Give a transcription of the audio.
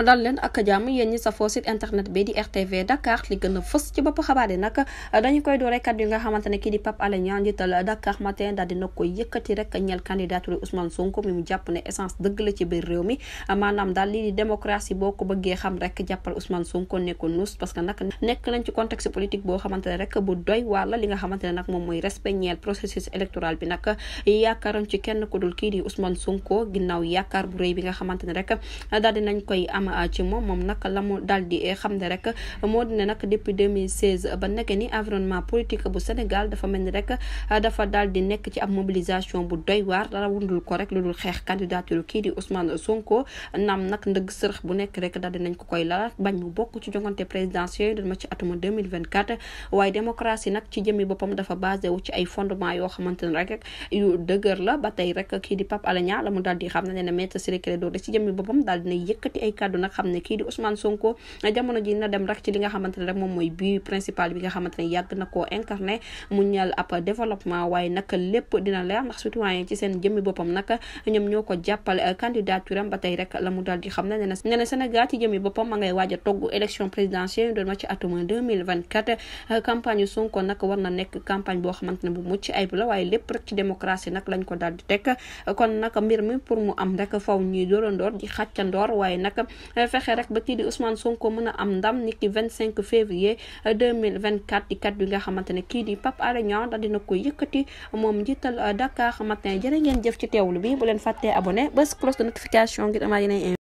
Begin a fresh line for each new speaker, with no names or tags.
dal leen ak jàmm yéen ñi safoo site internet bi di RTV Dakar li a fës kii di Pape Alé Niang njiital Dakar matin daal dina koy yëkkati rek ñeel candidature Ousmane Sonko parce que nekk nañ ci contexte politique boo xamante rek bu doy walla li nga xamante ne moom mooy respect ñeel processus électoral bi nag yaakaaroon ci kenn ku dul kii di Ousmane Sonko yaakaar bu rëy bi nga xamante rek daal koy am jëm euh, ci moom moom nag la mu daal di eh, xam ne rek moo di ne depuis ba nekk ni environnement politique bu Sénégal dafa mel ni rek euh, dafa daal di nekk ci ab mobilisation bu doy waar dara wundul ko rek lu dul xeex candidature kii di Ousmane Sonko naam nag ndëgg sërëx bu nekk rek daal di nañ ko koy lalaat bañ mu bokk ci jongante présidentielle dama ci atuma 2024 waaye démocratie nag ci jëmi boppam dafa basé ci ay fondement yoo xamante ne rek yu la ba tey rek kii di Pape Alé Niang la mu nag xamne ki di Ousmane Sonko jamono ji na dem rek ci li nga xamantene rek mom moy bi principal bi nga xamantene yag na ko incarner mu ñal ab développement way nak lepp dina leer ndax citoyen ci seen jëmmi bopam nak ñom ñoko ko candidature am ba rek la mu di xam ne nee na Sénégal ci jëmmi bopam ma ngay waaj togg élection présidentielle do ma ci atum 2024 campagne Sonko nak war na nek campagne bo xamantene bu mucc ayb la way lepp rek ci démocratie nak lañ ko dal di tek kon nak mbir mi pour mu am rek faw ñuy doorandoor di way nak Eh, fexe rek ba kii di Ousmane Sonko mën a am ndam niki eh, mille vingt 2024 di kat bi nga xamante ne kii di Pape daal dina ko yëkkati moom njiital eh, Dakar Matin jërë ngeen jëf ci teewlu bi bu leen fàttee abonné bés cloche de notification ngir amaat yeneen